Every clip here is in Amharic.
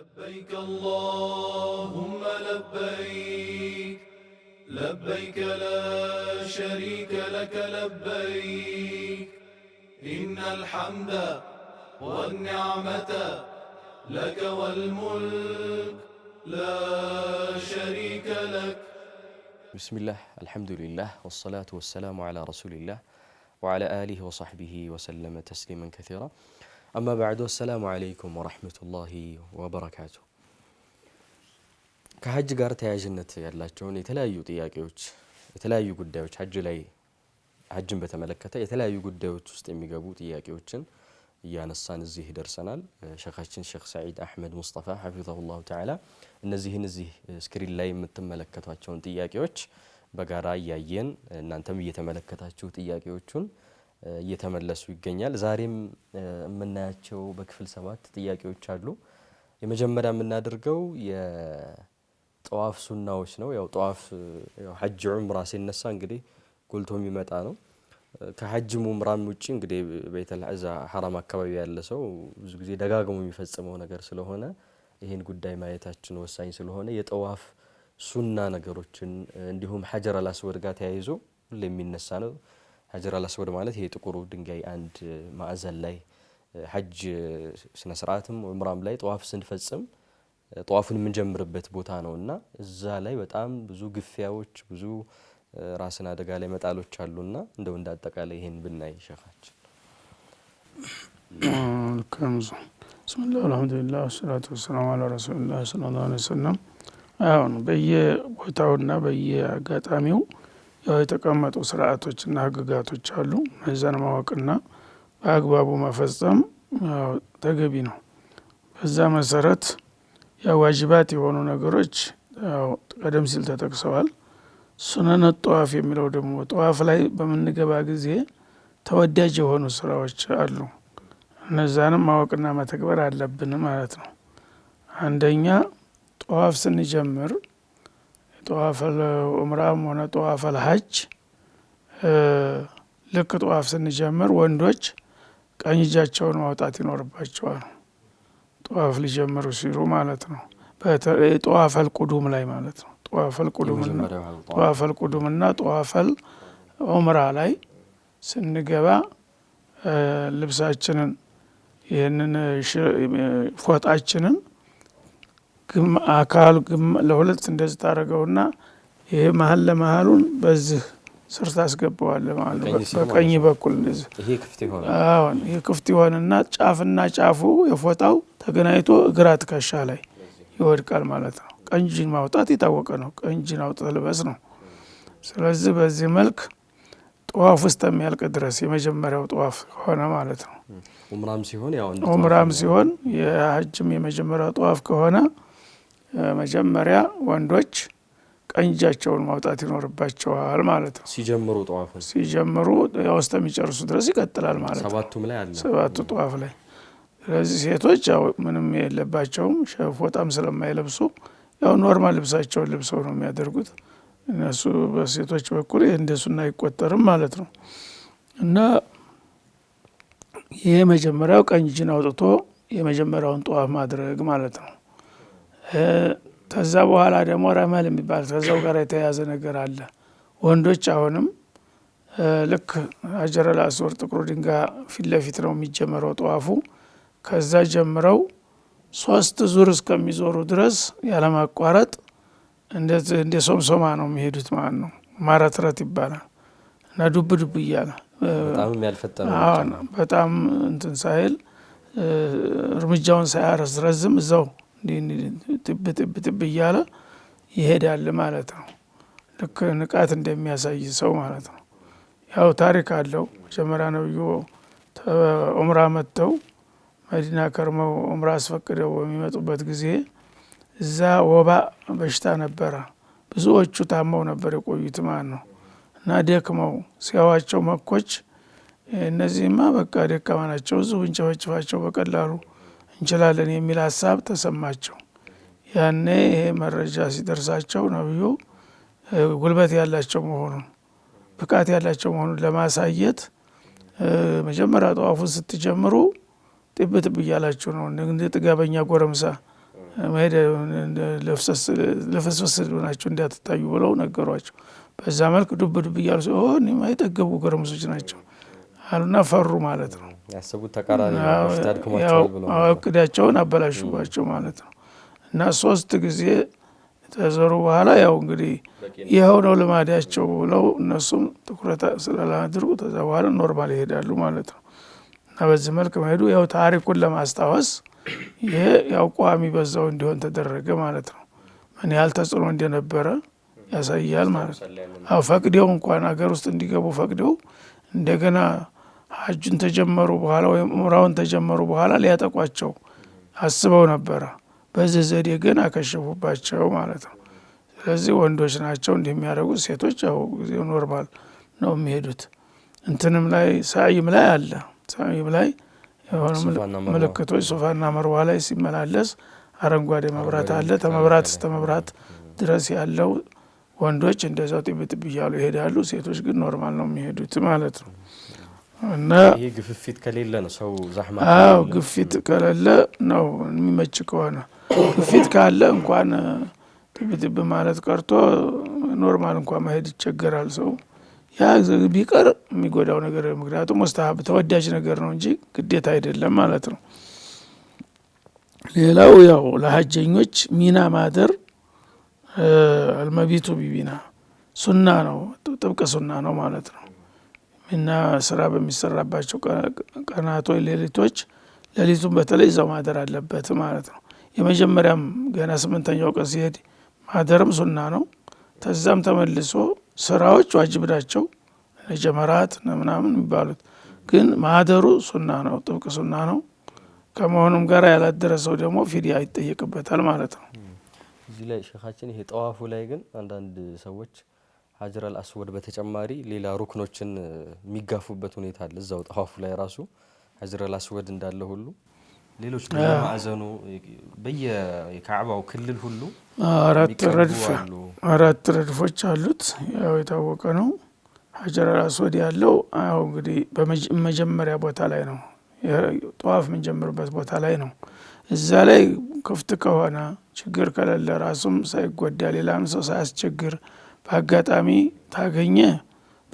لبيك اللهم لبيك لبيك لا شريك لك لبيك إن الحمد والنعمة لك والملك لا شريك لك بسم الله الحمد لله والصلاة والسلام على رسول الله وعلى آله وصحبه وسلم تسليما كثيرا አማ ባዕዱ አሰላሙ አለይኩም ወረሕመቱላሂ ወበረካቱ። ከሀጅ ጋር ተያያዥነት ያላቸውን የተለያዩ ጥያቄዎች የተለያዩ ጉዳዮች ሀጅ ላይ ሀጅን በተመለከተ የተለያዩ ጉዳዮች ውስጥ የሚገቡ ጥያቄዎችን እያነሳን እዚህ ደርሰናል። ሸኻችን ሼክ ሰዒድ አሕመድ ሙስጠፋ ሐፊዘሁላሁ ተዓላ እነዚህን እዚህ ስክሪን ላይ የምትመለከቷቸውን ጥያቄዎች በጋራ እያየን እናንተም እየተመለከታችሁ ጥያቄዎቹን እየተመለሱ ይገኛል። ዛሬም የምናያቸው በክፍል ሰባት ጥያቄዎች አሉ። የመጀመሪያ የምናደርገው የጠዋፍ ሱናዎች ነው። ያው ጠዋፍ ሐጅ ዑምራ ሲነሳ እንግዲህ ጎልቶ የሚመጣ ነው። ከሐጅም ዑምራም ውጭ እንግዲህ ቤተል ሐራም አካባቢ ያለ ሰው ብዙ ጊዜ ደጋግሞ የሚፈጽመው ነገር ስለሆነ ይህን ጉዳይ ማየታችን ወሳኝ ስለሆነ የጠዋፍ ሱና ነገሮችን እንዲሁም ሐጀር አላስወድ ጋር ተያይዞ ሁሌ የሚነሳ ነው። ሀጀር አላስወድ ማለት ይሄ ጥቁሩ ድንጋይ አንድ ማዕዘን ላይ ሀጅ ስነ ስርዓትም ዑምራም ላይ ጠዋፍ ስንፈጽም ጠዋፍን የምንጀምርበት ቦታ ነው እና እዛ ላይ በጣም ብዙ ግፊያዎች፣ ብዙ ራስን አደጋ ላይ መጣሎች አሉ እና እንደው እንዳጠቃላይ ይሄን ብናይ ሸኻችን። ልካም ብስሚላ አልሐምዱሊላ ሰላቱ ወሰላሙ አላ ረሱሉላ ስለ ላ ስለም አሁን በየቦታውና በየአጋጣሚው ያው የተቀመጡ ስርዓቶችና ህግጋቶች አሉ። እነዚያን ማወቅና በአግባቡ መፈጸም ተገቢ ነው። በዛ መሰረት ያው ዋጅባት የሆኑ ነገሮች ቀደም ሲል ተጠቅሰዋል። ሱነነ ጠዋፍ የሚለው ደግሞ ጠዋፍ ላይ በምንገባ ጊዜ ተወዳጅ የሆኑ ስራዎች አሉ። እነዛንም ማወቅና መተግበር አለብን ማለት ነው። አንደኛ ጠዋፍ ስንጀምር ጠዋፈል ኡምራም ሆነ ጠዋፈል ሀጅ ልክ ጠዋፍ ስንጀምር ወንዶች ቀኝ እጃቸውን ማውጣት ይኖርባቸዋል። ጠዋፍ ሊጀምሩ ሲሉ ማለት ነው። ጠዋፈል ቁዱም ላይ ማለት ነው። ጠዋፈል ቁዱምና ጠዋፈል ኡምራ ላይ ስንገባ ልብሳችንን ይህንን ፎጣችንን አካሉ ለሁለት እንደዚህ ታደረገውና ይሄ መሀል ለመሀሉን በዚህ ስር ታስገባዋለ ማለት ነው። በቀኝ በኩል እንደዚህ ይህ ክፍት ይሆንና ጫፍና ጫፉ የፎጣው ተገናኝቶ እግራ ትከሻ ላይ ይወድቃል ማለት ነው። ቀንጅን ማውጣት የታወቀ ነው። ቀንጅን አውጥተህ ልበስ ነው። ስለዚህ በዚህ መልክ ጠዋፍ ውስጥ የሚያልቅ ድረስ የመጀመሪያው ጠዋፍ ከሆነ ማለት ነው። ኡምራም ሲሆን የሀጅም የመጀመሪያው ጠዋፍ ከሆነ መጀመሪያ ወንዶች ቀኝ እጃቸውን ማውጣት ይኖርባቸዋል ማለት ነው። ሲጀምሩ ጠዋፍ ሲጀምሩ ያው እስከሚጨርሱ ድረስ ይቀጥላል ማለት ነው። ሰባቱ ጠዋፍ ላይ ስለዚህ ሴቶች ያው ምንም የለባቸውም። ፎጣም ስለማይለብሱ ያው ኖርማል ልብሳቸውን ልብሰው ነው የሚያደርጉት። እነሱ በሴቶች በኩል እንደሱና አይቆጠርም ማለት ነው እና ይሄ መጀመሪያው ቀኝ እጅን አውጥቶ የመጀመሪያውን ጠዋፍ ማድረግ ማለት ነው። ከዛ በኋላ ደግሞ ረመል የሚባል ከዛው ጋር የተያያዘ ነገር አለ። ወንዶች አሁንም ልክ አጀረል አስወር ጥቁሩ ድንጋይ ፊት ለፊት ነው የሚጀመረው ጠዋፉ። ከዛ ጀምረው ሶስት ዙር እስከሚዞሩ ድረስ ያለማቋረጥ እንደ ሶምሶማ ነው የሚሄዱት ማለት ነው። ማረትረት ይባላል እና ዱብ ዱብ እያለ በጣም እንትን ሳይል እርምጃውን ሳያረዝረዝም እዛው ጥብ ጥብ ጥብ እያለ ይሄዳል ማለት ነው። ልክ ንቃት እንደሚያሳይ ሰው ማለት ነው። ያው ታሪክ አለው። መጀመሪያ ነብዩ ዑምራ መጥተው መዲና ከርመው ዑምራ አስፈቅደው በሚመጡበት ጊዜ እዛ ወባ በሽታ ነበረ። ብዙዎቹ ታመው ነበር የቆዩት ማለት ነው። እና ደክመው ሲያዋቸው መኮች እነዚህማ በቃ ደካማ ናቸው፣ እዚሁ ብንጨፈጭፋቸው በቀላሉ እንችላለን የሚል ሀሳብ ተሰማቸው። ያኔ ይሄ መረጃ ሲደርሳቸው ነቢዩ ጉልበት ያላቸው መሆኑን ብቃት ያላቸው መሆኑን ለማሳየት መጀመሪያ ጠዋፉን ስትጀምሩ ጥብ ጥብ እያላችሁ ነው። እንደ ጥጋበኛ ጎረምሳ መሄድ ለፍስፍስ ናቸው እንዳትታዩ ብለው ነገሯቸው። በዛ መልክ ዱብ ዱብ እያሉ ሲሆን የማይጠገቡ ጎረምሶች ናቸው አሉና ፈሩ ማለት ነው። ያሰቡት ተቃራኒ እቅዳቸውን አበላሹባቸው ማለት ነው። እና ሶስት ጊዜ ተዘሩ በኋላ ያው እንግዲህ ይኸው ነው ልማዳቸው ብለው እነሱም ትኩረት ስለላድርጉ ተዛ በኋላ ኖርማል ይሄዳሉ ማለት ነው። እና በዚህ መልክ መሄዱ ያው ታሪኩን ለማስታወስ ይሄ ያው ቋሚ በዛው እንዲሆን ተደረገ ማለት ነው። ምን ያህል ተጽዕኖ እንደነበረ ያሳያል ማለት ነው። ፈቅደው እንኳን ሀገር ውስጥ እንዲገቡ ፈቅደው እንደገና ሀጁን ተጀመሩ በኋላ ወይም ኡምራውን ተጀመሩ በኋላ ሊያጠቋቸው አስበው ነበረ። በዚህ ዘዴ ግን አከሸፉባቸው ማለት ነው። ስለዚህ ወንዶች ናቸው እንዲህ የሚያደርጉት፣ ሴቶች ያው ጊዜው ኖርማል ነው የሚሄዱት። እንትንም ላይ ሳይም ላይ አለ ሳይም ላይ የሆኑ ምልክቶች ሱፋና መርዋ ላይ ሲመላለስ አረንጓዴ መብራት አለ። ተመብራት እስተ መብራት ድረስ ያለው ወንዶች እንደዛው ጥብጥብ እያሉ ይሄዳሉ። ሴቶች ግን ኖርማል ነው የሚሄዱት ማለት ነው። እና ግፍፊት ከሌለ ነው ሰው ዛህማ። አዎ ግፊት ከሌለ ነው የሚመች ከሆነ። ግፊት ካለ እንኳን ትብትብ ማለት ቀርቶ ኖርማል እንኳን መሄድ ይቸገራል ሰው። ያ ቢቀር የሚጎዳው ነገር ምክንያቱም ሙስተሀብ ተወዳጅ ነገር ነው እንጂ ግዴታ አይደለም ማለት ነው። ሌላው ያው ለሀጀኞች ሚና ማደር አልመቢቱ ቢቢና ሱና ነው፣ ጥብቅ ሱና ነው ማለት ነው። እና ስራ በሚሰራባቸው ቀናቶች፣ ሌሊቶች ሌሊቱን በተለይ እዛው ማደር አለበት ማለት ነው። የመጀመሪያም ገና ስምንተኛው ቀን ሲሄድ ማደርም ሱና ነው። ተዛም ተመልሶ ስራዎች ዋጅብ ናቸው፣ ጀመራት ምናምን የሚባሉት ግን ማደሩ ሱና ነው፣ ጥብቅ ሱና ነው። ከመሆኑም ጋር ያላደረ ሰው ደግሞ ፊዲያ ይጠየቅበታል ማለት ነው። እዚህ ላይ ሼኻችን ይሄ ጠዋፉ ላይ ግን አንዳንድ ሰዎች ሀጀር አልአስወድ በተጨማሪ ሌላ ሩክኖችን የሚጋፉበት ሁኔታ አለ። እዛው ጠዋፉ ላይ ራሱ ሀጀር አልአስወድ እንዳለ ሁሉ ሌሎች ማዕዘኑ በየካዕባው ክልል ሁሉ አራት ረድፎች አሉት። ያው የታወቀ ነው። ሀጀር አልአስወድ ያለው ያው እንግዲህ በመጀመሪያ ቦታ ላይ ነው፣ ጠዋፍ የምንጀምርበት ቦታ ላይ ነው። እዛ ላይ ክፍት ከሆነ ችግር ከሌለ ራሱም ሳይጎዳ ሌላም ሰው ሳያስቸግር በአጋጣሚ ታገኘ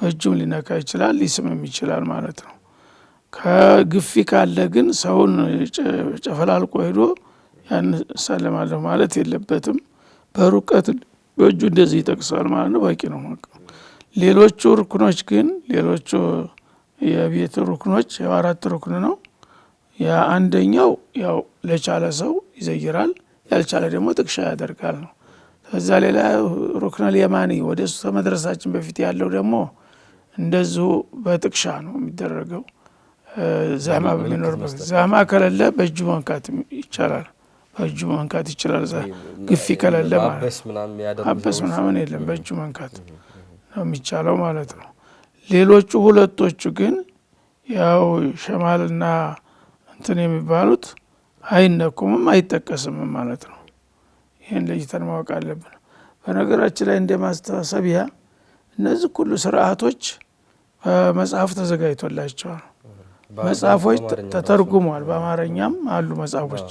በእጁም ሊነካ ይችላል፣ ሊስምም ይችላል ማለት ነው። ከግፊ ካለ ግን ሰውን ጨፈላልቆ ሄዶ ያን እሳለማለሁ ማለት የለበትም። በሩቀት በእጁ እንደዚህ ይጠቅሳል ማለት ነው። በቂ ነው። ሌሎቹ ርኩኖች ግን ሌሎቹ የቤት ሩክኖች ያው አራት ሩክን ነው። የአንደኛው ያው ለቻለ ሰው ይዘይራል፣ ያልቻለ ደግሞ ጥቅሻ ያደርጋል ነው። ከዛ ሌላ ሩክነል የማኒ ወደ እሱ ከመድረሳችን በፊት ያለው ደግሞ እንደዚሁ በጥቅሻ ነው የሚደረገው። ዛማ በሚኖርበት ዛማ ከለለ በእጁ መንካት ይቻላል። በእጁ መንካት ይችላል። ግፊ ከለለ አበስ ምናምን የለም። በእጁ መንካት ነው የሚቻለው ማለት ነው። ሌሎቹ ሁለቶቹ ግን ያው ሸማልና እንትን የሚባሉት አይነኩምም አይጠቀስምም ማለት ነው። ይህን ለይተን ማወቅ አለብን። በነገራችን ላይ እንደ ማስተሳሰቢያ እነዚህ ሁሉ ስርዓቶች መጽሐፍ ተዘጋጅቶላቸዋል። መጽሐፎች ተተርጉመዋል። በአማርኛም አሉ መጽሐፎች፣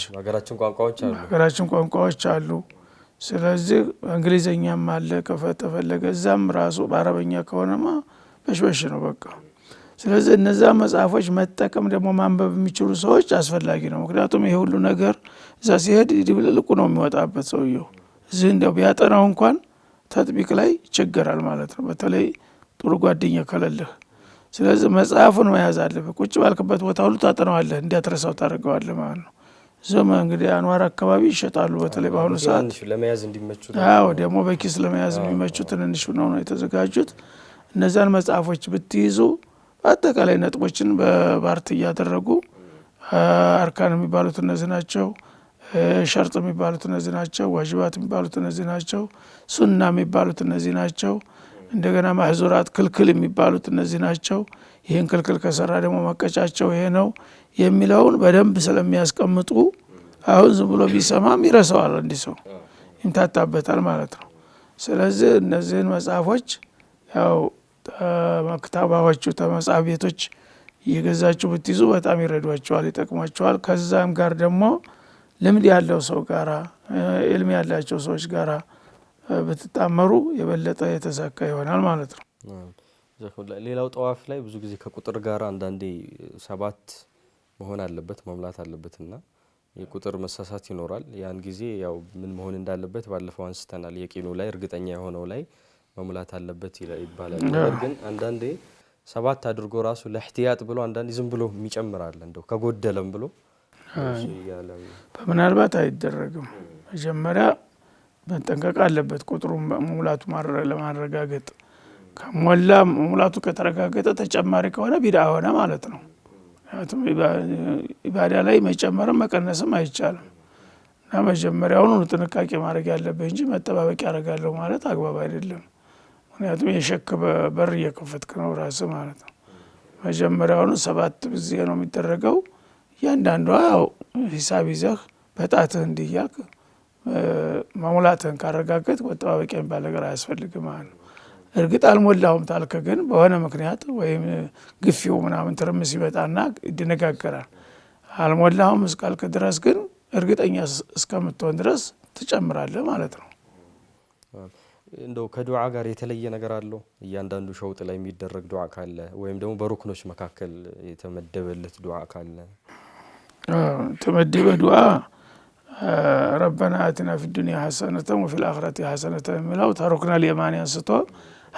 ሀገራችን ቋንቋዎች አሉ። ስለዚህ እንግሊዘኛም አለ ከፈተፈለገ እዛም ራሱ በአረበኛ ከሆነማ በሽበሽ ነው በቃ ስለዚህ እነዛ መጽሐፎች መጠቀም ደግሞ ማንበብ የሚችሉ ሰዎች አስፈላጊ ነው። ምክንያቱም ይሄ ሁሉ ነገር እዛ ሲሄድ ድብልልቁ ነው የሚወጣበት ሰውየው። እዚህ እንደ ቢያጠናው እንኳን ተጥቢቅ ላይ ይቸገራል ማለት ነው፣ በተለይ ጥሩ ጓደኛ ከለልህ ስለዚህ መጽሐፉን መያዝ አለብህ። ቁጭ ባልክበት ቦታ ሁሉ ታጠነዋለህ እንዲያትረሳው ታደርገዋለ ማለት ነው። እዚም እንግዲህ አንዋር አካባቢ ይሸጣሉ፣ በተለይ በአሁኑ ሰዓት ደግሞ በኪስ ለመያዝ የሚመቹ ትንንሽ ነው የተዘጋጁት። እነዛን መጽሐፎች ብትይዙ አጠቃላይ ነጥቦችን በባርት እያደረጉ አርካን የሚባሉት እነዚህ ናቸው። ሸርጥ የሚባሉት እነዚህ ናቸው። ዋጅባት የሚባሉት እነዚህ ናቸው። ሱና የሚባሉት እነዚህ ናቸው። እንደገና ማህዙራት ክልክል የሚባሉት እነዚህ ናቸው። ይህን ክልክል ከሰራ ደግሞ መቀጫቸው ይሄ ነው የሚለውን በደንብ ስለሚያስቀምጡ አሁን ዝም ብሎ ቢሰማም ይረሰዋል፣ እንዲህ ሰው ይምታታበታል ማለት ነው። ስለዚህ እነዚህን መጽሐፎች ያው ክታባዎቹ ተመጻ ቤቶች እየገዛችሁ ብትይዙ በጣም ይረዷቸዋል፣ ይጠቅሟቸዋል። ከዛም ጋር ደግሞ ልምድ ያለው ሰው ጋራ ዕልም ያላቸው ሰዎች ጋራ ብትጣመሩ የበለጠ የተሳካ ይሆናል ማለት ነው። ሌላው ጠዋፍ ላይ ብዙ ጊዜ ከቁጥር ጋር አንዳንዴ ሰባት መሆን አለበት መሙላት አለበት እና የቁጥር መሳሳት ይኖራል። ያን ጊዜ ያው ምን መሆን እንዳለበት ባለፈው አንስተናል። የቂኑ ላይ እርግጠኛ የሆነው ላይ መሙላት አለበት ይባላል። ነገር ግን አንዳንዴ ሰባት አድርጎ ራሱ ለእህትያጥ ብሎ አንዳንዴ ዝም ብሎ የሚጨምራል እንደው ከጎደለም ብሎ በምናልባት አይደረግም። መጀመሪያ መጠንቀቅ አለበት ቁጥሩ መሙላቱ ለማረጋገጥ ከሞላ መሙላቱ ከተረጋገጠ ተጨማሪ ከሆነ ቢዳ ሆነ ማለት ነው። ምክንያቱም ኢባዳ ላይ መጨመርም መቀነስም አይቻልም እና መጀመሪያውኑ ጥንቃቄ ማድረግ ያለብህ እንጂ መጠባበቅ ያደርጋለሁ ማለት አግባብ አይደለም። ምክንያቱም የሸክ በር እየከፈትክ ነው ራስ ማለት ነው። መጀመሪያውኑ ሰባት ጊዜ ነው የሚደረገው። እያንዳንዷ ያው ሂሳብ ይዘህ በጣትህ እንዲያልክ መሙላትህን ካረጋገጥ መጠባበቂያ የሚባል ነገር አያስፈልግ ማለት ነው። እርግጥ አልሞላሁም ታልክ ግን በሆነ ምክንያት ወይም ግፊው ምናምን ትርምስ ይመጣና ይደነጋገራል። አልሞላሁም እስካልክ ድረስ ግን እርግጠኛ እስከምትሆን ድረስ ትጨምራለህ ማለት ነው። እንደው ከዱዓ ጋር የተለየ ነገር አለው? እያንዳንዱ ሸውጥ ላይ የሚደረግ ዱዓ ካለ ወይም ደግሞ በሩክኖች መካከል የተመደበለት ዱዓ ካለ ተመደበ ዱዓ ረበና አትና ፊ ዱኒያ ሐሰነተን ወፊ ልአኽረት ሐሰነተን የሚለው ተሩክና ልየማን አንስቶ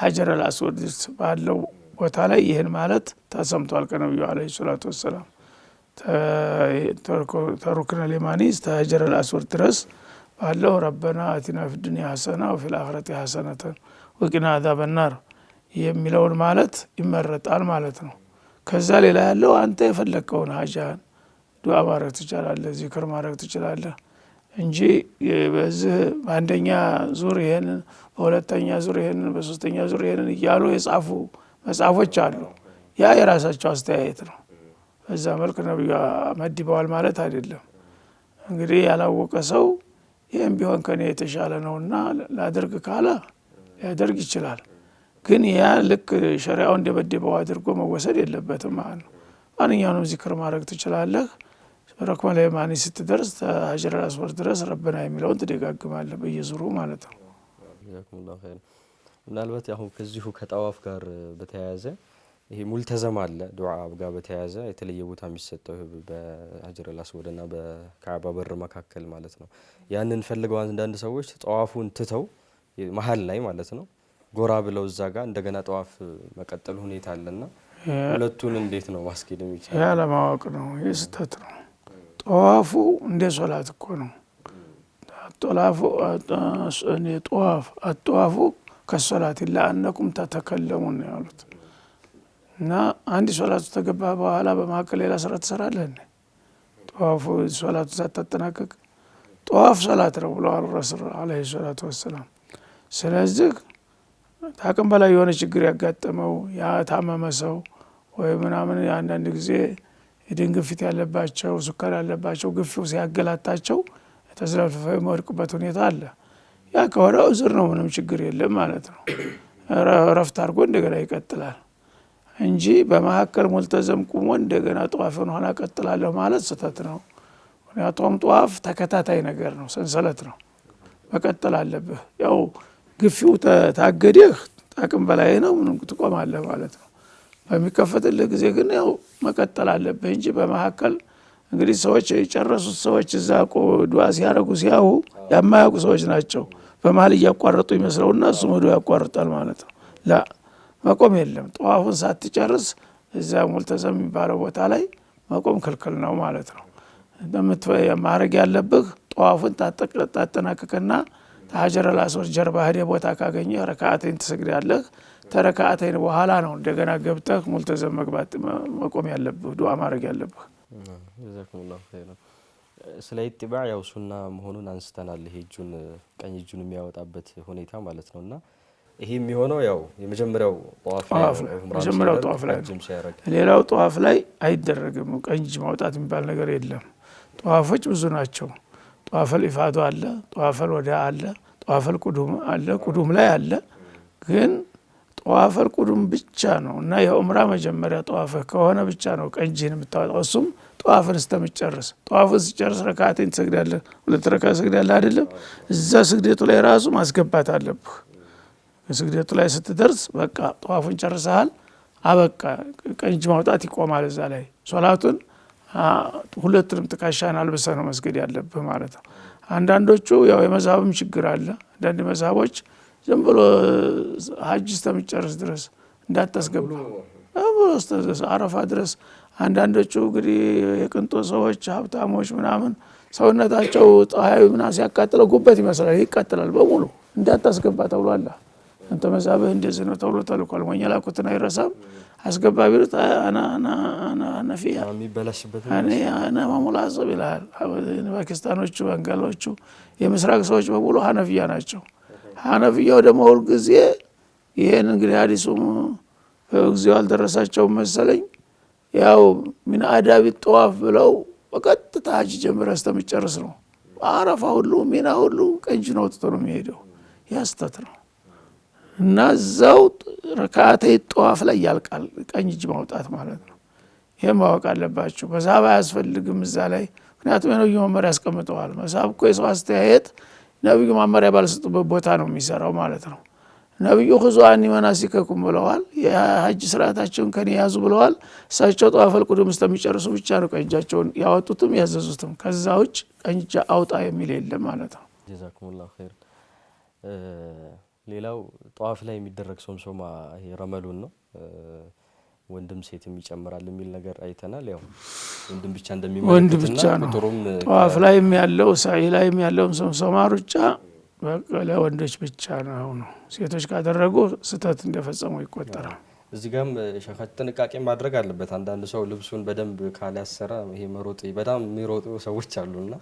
ሀጀር አልአስወድ ባለው ቦታ ላይ ይህን ማለት ተሰምቷል ከነቢዩ አለይሂ ሰላቱ ወሰላም ተሩክና የማኒ እስተ ሀጀር ድረስ ባለው ረበና አቲና ፊዱንያ ሀሰና ወፊል አኽረቲ ሀሰነተን ወቂና አዛበናር የሚለውን ማለት ይመረጣል ማለት ነው። ከዛ ሌላ ያለው አንተ የፈለግከውን ሀጃን ዱዓ ማድረግ ትችላለህ፣ ዚክር ማድረግ ትችላለህ እንጂ በዚህ በአንደኛ ዙር ይሄንን፣ በሁለተኛ ዙር ይሄንን፣ በሶስተኛ ዙር ይሄንን እያሉ የጻፉ መጽሐፎች አሉ። ያ የራሳቸው አስተያየት ነው። በዛ መልክ ነቢዩ መድበዋል ማለት አይደለም። እንግዲህ ያላወቀ ሰው ይህም ቢሆን ከኔ የተሻለ ነውና ላደርግ ካለ ሊያደርግ ይችላል። ግን ያ ልክ ሸሪያው እንደበደበው አድርጎ መወሰድ የለበትም ማለት ነው። ማንኛውንም ዚክር ማድረግ ትችላለህ። ረክመ ለየማኒ ስትደርስ ሀጀር አስወር ድረስ ረብና የሚለውን ትደጋግማለህ በየዙሩ ማለት ነው። ምናልባት አሁን ከዚሁ ከጠዋፍ ጋር በተያያዘ ይሄ ሙልተዘም አለ ዱዓ ጋር በተያያዘ የተለየ ቦታ የሚሰጠው በሀጀር አስወድና በካዕባ በር መካከል ማለት ነው። ያንን ፈልገው አንዳንድ ሰዎች ጠዋፉን ትተው መሀል ላይ ማለት ነው ጎራ ብለው እዛ ጋር እንደገና ጠዋፍ መቀጠል ሁኔታ አለና ሁለቱን እንዴት ነው ማስኬድ የሚቻለው? ያለማወቅ ነው። ይህ ስህተት ነው። ጠዋፉ እንደ ሶላት እኮ ነው። ጠዋፍ አጠዋፉ ከሶላት ኢላ አነኩም ተተከለሙን ነው ያሉት እና አንድ ሶላቱ ተገባ በኋላ በመካከል ሌላ ስራ ትሰራለህ። ጠዋፉ ሶላቱ ሳታጠናቀቅ ጠዋፍ ሶላት ነው ብለዋል ረሱል አለ ሰላቱ ወሰላም። ስለዚህ ታቅም በላይ የሆነ ችግር ያጋጠመው ያታመመ ሰው ወይ ምናምን አንዳንድ ጊዜ የደም ግፊት ያለባቸው ሱከር ያለባቸው ግፊው ሲያገላታቸው ተዝለፍልፈ የመወድቅበት ሁኔታ አለ። ያ ከሆነ እዝር ነው፣ ምንም ችግር የለም ማለት ነው። ረፍት አድርጎ እንደገና ይቀጥላል። እንጂ በመካከል ሙልተዘም ቁሞ እንደገና ጠዋፍን ሆና ቀጥላለሁ ማለት ስህተት ነው። ምክንያቱም ጠዋፍ ተከታታይ ነገር ነው፣ ሰንሰለት ነው፣ መቀጠል አለብህ። ያው ግፊው ታገደህ ጣቅም በላይ ነው፣ ምንም ትቆማለህ ማለት ነው። በሚከፈትልህ ጊዜ ግን ያው መቀጠል አለብህ እንጂ በመካከል እንግዲህ ሰዎች የጨረሱት ሰዎች እዛ ዱዓ ሲያደርጉ ሲያሁ የማያውቁ ሰዎች ናቸው። በመሀል እያቋረጡ ይመስለውና እሱም ሄዶ ያቋርጣል ማለት ነው ላ መቆም የለም። ጠዋፉን ሳትጨርስ እዚያ ሙልተዘም የሚባለው ቦታ ላይ መቆም ክልክል ነው ማለት ነው። ማድረግ ያለብህ ጠዋፉን ታጠናቅቅና ተሀጀረ ላሶች ጀርባ ህደ ቦታ ካገኘ ረካአተኝ ትሰግዳለህ። ተረካአተኝ በኋላ ነው እንደገና ገብተህ ሙልተዘም መግባት መቆም ያለብህ ዱዓ ማድረግ ያለብህ። ስለ ኢጥባዕ ያው ሱና መሆኑን አንስተናል። ይሄ እጁን ቀኝ እጁን የሚያወጣበት ሁኔታ ማለት ነው እና ይሄ የሚሆነው ያው የመጀመሪያው መጀመሪያው ጠዋፍ ላይ ነው። ሌላው ጠዋፍ ላይ አይደረግም። ቀኝ እጅ ማውጣት የሚባል ነገር የለም። ጠዋፎች ብዙ ናቸው። ጠዋፈል ኢፋዱ አለ፣ ጠዋፈል ወዳ አለ፣ ጠዋፈል ቁዱም አለ፣ ቁዱም ላይ አለ። ግን ጠዋፈል ቁዱም ብቻ ነው እና የኡምራ መጀመሪያ ጠዋፍህ ከሆነ ብቻ ነው ቀኝ እጅህን የምታወጣው። እሱም ጠዋፍን ስተምጨርስ ጠዋፍን ስጨርስ ረካቴን ትሰግዳለህ፣ ሁለት ረካ ትሰግዳለህ አይደለም። እዛ ስግደቱ ላይ ራሱ ማስገባት አለብህ ስግደቱ ላይ ስትደርስ በቃ ጠዋፉን ጨርሰሃል፣ አበቃ። ቀንጅ ማውጣት ይቆማል። እዛ ላይ ሶላቱን ሁለቱንም ጥቃሻን አልብሰህ ነው መስገድ ያለብህ ማለት ነው። አንዳንዶቹ ያው የመዛብም ችግር አለ። አንዳንድ መዛቦች ዝም ብሎ ሀጅ እስከምጨርስ ድረስ እንዳታስገባ አረፋ ድረስ። አንዳንዶቹ እንግዲህ የቅንጦ ሰዎች ሀብታሞች ምናምን ሰውነታቸው ፀሐዩ ምና ሲያቃጥለው ጉበት ይመስላል ይቃጥላል በሙሉ እንዳታስገባ ተብሏል። አንተ መዛብህ እንደዚህ ነው ተብሎ ተልኳል። ሞኝ ላኩትን አይረሳም። አስገባ ቢሉት ነፊያ ና ይልሃል። ፓኪስታኖቹ፣ ባንጋሎቹ የምስራቅ ሰዎች በሙሉ ሀነፍያ ናቸው። ሀነፍያው ደግሞ ሁልጊዜ ይህን እንግዲህ ሀዲሱም ጊዜው አልደረሳቸውም መሰለኝ ያው ሚን አዳቢ ጠዋፍ ብለው በቀጥታ ሀጅ ጀምረ እስከምትጨርስ ነው። አረፋ ሁሉ ሚና ሁሉ ቀንጅ ነው ወጥቶ ነው የሚሄደው። ያስተት ነው እና እዛው ረካተይ ጠዋፍ ላይ ያልቃል። ቀኝ እጅ ማውጣት ማለት ነው። ይህም ማወቅ አለባችሁ። መሳብ አያስፈልግም እዛ ላይ ምክንያቱም የነብዩ መመሪያ ያስቀምጠዋል። መሳብ እኮ የሰው አስተያየት ነቢዩ መመሪያ ባልሰጡበት ቦታ ነው የሚሰራው ማለት ነው። ነቢዩ ክዙ አኒ መናሲከኩም ብለዋል። የሀጅ ስርዓታቸውን ከኔ ያዙ ብለዋል። እሳቸው ጠዋፈል ቁዱም እስከሚጨርሱ ብቻ ነው ቀኝ እጃቸውን ያወጡትም ያዘዙትም። ከዛ ውጭ ቀኝ እጅ አውጣ የሚል የለም ማለት ነው። ጀዛኩሙላሁ ኸይር ሌላው ጠዋፍ ላይ የሚደረግ ሶምሶማ ይሄ ረመሉን ነው። ወንድም ሴትም ይጨምራል የሚል ነገር አይተናል። ያው ወንድም ብቻ እንደሚመለከት ወንድ ብቻ ነው። ጠዋፍ ላይም ያለው ሳዒ ላይም ያለውም ሶምሶማ ሩጫ ለወንዶች ብቻ ነው ነው ሴቶች ካደረጉ ስህተት እንደፈጸሙ ይቆጠራል። እዚህ ጋም ሸካች ጥንቃቄ ማድረግ አለበት። አንዳንድ ሰው ልብሱን በደንብ ካላሰራ ይሄ መሮጥ በጣም የሚሮጡ ሰዎች አሉና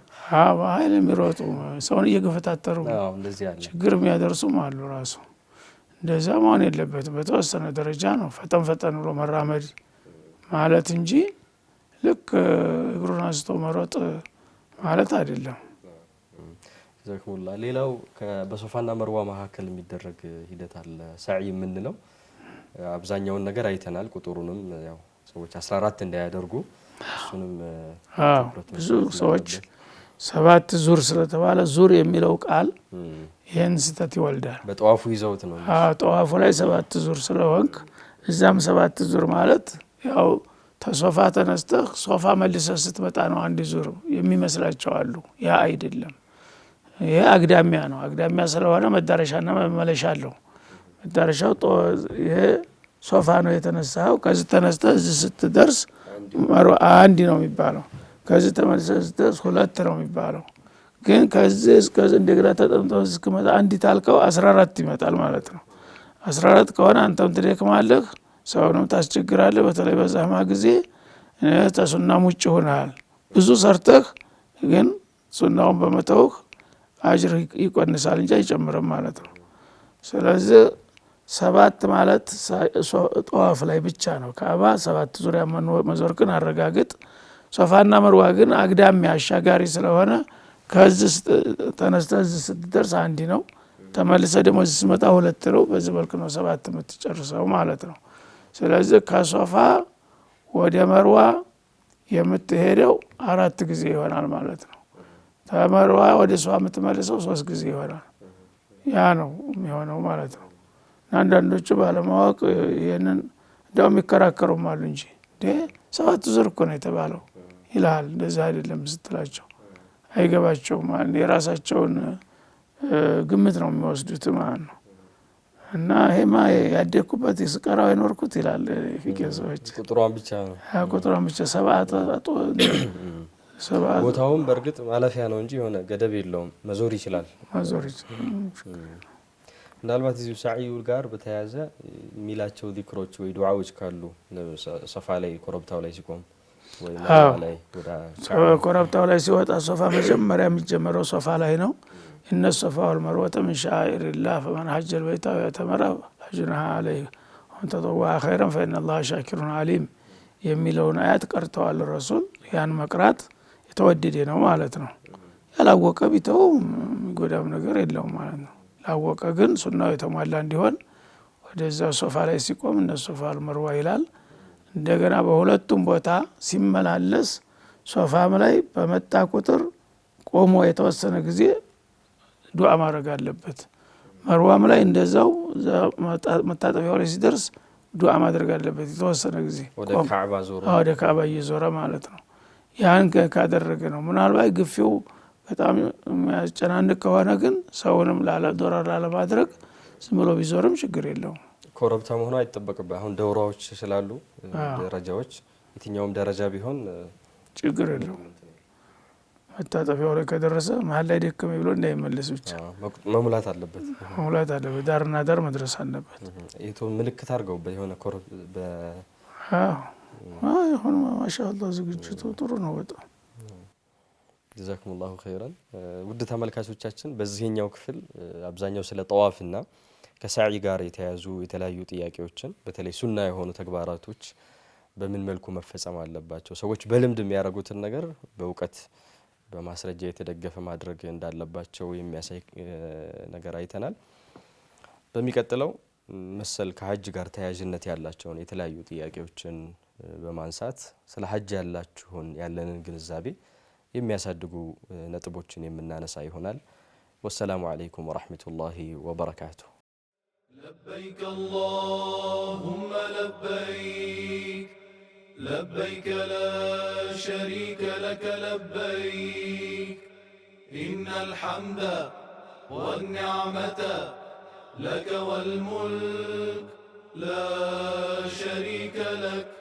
በኃይል የሚሮጡ ሰውን እየገፈታተሩ ችግር የሚያደርሱም አሉ። ራሱ እንደዛ መሆን የለበት። በተወሰነ ደረጃ ነው ፈጠን ፈጠን ብሎ መራመድ ማለት እንጂ ልክ እግሩን አንስቶ መሮጥ ማለት አይደለም። ዘክሙላ ሌላው በሶፋና መርዋ መካከል የሚደረግ ሂደት አለ ሰዒ የምንለው አብዛኛውን ነገር አይተናል። ቁጥሩንም ያው ሰዎች 14 እንዳያደርጉ እሱንም ብዙ ሰዎች ሰባት ዙር ስለተባለ ዙር የሚለው ቃል ይህን ስህተት ይወልዳል። በጠዋፉ ይዘውት ነው። ጠዋፉ ላይ ሰባት ዙር ስለሆንክ እዛም ሰባት ዙር ማለት ያው ተሶፋ ተነስተህ ሶፋ መልሰህ ስትመጣ ነው አንድ ዙር የሚመስላቸው አሉ። ያ አይደለም። ይህ አግዳሚያ ነው። አግዳሚያ ስለሆነ መዳረሻና መመለሻ አለው። መዳረሻው ይሄ ሶፋ ነው የተነሳው። ከዚህ ተነስተ እዚህ ስትደርስ አንድ ነው የሚባለው። ከዚህ ተመልሰ ስትደርስ ሁለት ነው የሚባለው። ግን ከዚህ እስከዚህ እንደገና ተጠምጠ እስክመጣ አንዲት ታልከው አስራ አራት ይመጣል ማለት ነው። አስራ አራት ከሆነ አንተም ትደክማለህ፣ ሰውንም ታስቸግራለህ። በተለይ በዛማ ጊዜ ተሱናም ውጭ ሆናል ብዙ ሰርተህ ግን ሱናውን በመተውህ አጅር ይቆንሳል እንጂ አይጨምርም ማለት ነው። ስለዚህ ሰባት ማለት ጠዋፍ ላይ ብቻ ነው። ካዕባ ሰባት ዙሪያ መዞር ግን አረጋግጥ። ሶፋና መርዋ ግን አግዳሚ አሻጋሪ ስለሆነ ከዚህ ተነስተ ዚ ስትደርስ አንድ ነው፣ ተመልሰ ደግሞ ዚ ስመጣ ሁለት ነው። በዚህ መልክ ነው ሰባት የምትጨርሰው ማለት ነው። ስለዚህ ከሶፋ ወደ መርዋ የምትሄደው አራት ጊዜ ይሆናል ማለት ነው። ተመርዋ ወደ ሷ የምትመልሰው ሶስት ጊዜ ይሆናል። ያ ነው የሚሆነው ማለት ነው። አንዳንዶቹ ባለማወቅ ይህንን እንዲያውም ይከራከሩም አሉ እንጂ ሰባት ዙር እኮ ነው የተባለው ይልሃል። እንደዚህ አይደለም ስትላቸው አይገባቸውም። የራሳቸውን ግምት ነው የሚወስዱት ማለት ነው። እና ይሄማ ያደግኩበት ስቀራው የኖርኩት ይላል ፊቄ ሰዎች ቁጥሯን ብቻ ነው ቁጥሯን ብቻ ሰብአት ቦታውም በእርግጥ ማለፊያ ነው እንጂ የሆነ ገደብ የለውም። መዞር ይችላል መዞር ይችላል። ምናልባት እዚሁ ሳዕዩ ጋር በተያያዘ የሚላቸው ዚክሮች ወይ ዱዓዎች ካሉ ሶፋ ላይ ኮረብታው ላይ ሲቆም ኮረብታው ላይ ሲወጣ ሶፋ መጀመሪያ የሚጀመረው ሶፋ ላይ ነው። እነ ሶፋ ወልመርወተ ምን ሻኢር ላ ፈመን ሀጀ ልበይታ ተመራ ሐጅሩን አለይሂ ወመን ተጠወዐ ኸይረን ላ ሻኪሩን አሊም የሚለውን አያት ቀርተዋል ረሱል። ያን መቅራት የተወደደ ነው ማለት ነው። ያላወቀ ቢተው የሚጎዳም ነገር የለውም ማለት ነው። ላወቀ ግን ሱናው የተሟላ እንዲሆን ወደዛ ሶፋ ላይ ሲቆም እነ ሶፋ አልመርዋ ይላል። እንደገና በሁለቱም ቦታ ሲመላለስ ሶፋም ላይ በመጣ ቁጥር ቆሞ የተወሰነ ጊዜ ዱዓ ማድረግ አለበት። መርዋም ላይ እንደዛው መታጠቢያው ላይ ሲደርስ ዱዓ ማድረግ አለበት። የተወሰነ ጊዜ ወደ ካዕባ እየዞረ ማለት ነው። ያን ካደረገ ነው ምናልባት ግፊው በጣም የሚያስጨናንቅ ከሆነ ግን ሰውንም ዶራ ላለማድረግ ዝም ብሎ ቢዞርም ችግር የለውም። ኮረብታ መሆኑ አይጠበቅበት። አሁን ደውራዎች ስላሉ ደረጃዎች፣ የትኛውም ደረጃ ቢሆን ችግር የለው። መታጠፊያው ላይ ከደረሰ መሀል ላይ ደከመ ብሎ እንዳይመለስ ብቻ መሙላት አለበት፣ መሙላት አለበት። ዳርና ዳር መድረስ አለበት። ምልክት አድርገውበት የሆነ የሆነ ማሻ ዝግጅቱ ጥሩ ነው በጣም ጀዛኩም ላሁ ኸይረን። ውድ ተመልካቾቻችን በዚህኛው ክፍል አብዛኛው ስለ ጠዋፍና ከሳዒ ጋር የተያዙ የተለያዩ ጥያቄዎችን በተለይ ሱና የሆኑ ተግባራቶች በምን መልኩ መፈጸም አለባቸው፣ ሰዎች በልምድ የሚያደርጉትን ነገር በእውቀት በማስረጃ የተደገፈ ማድረግ እንዳለባቸው የሚያሳይ ነገር አይተናል። በሚቀጥለው መሰል ከሀጅ ጋር ተያያዥነት ያላቸውን የተለያዩ ጥያቄዎችን በማንሳት ስለ ሀጅ ያላችሁን ያለንን ግንዛቤ የሚያሳድጉ ነጥቦችን የምናነሳ ይሆናል። ወሰላሙ አለይኩም ወራህመቱላሂ ወበረካቱሁ። ለበይከ አላሁመ ለበይክ ለበይከ ላ ሸሪከ ለከ ለበይክ إن الحمد والنعمة لك والملك لا شريك لك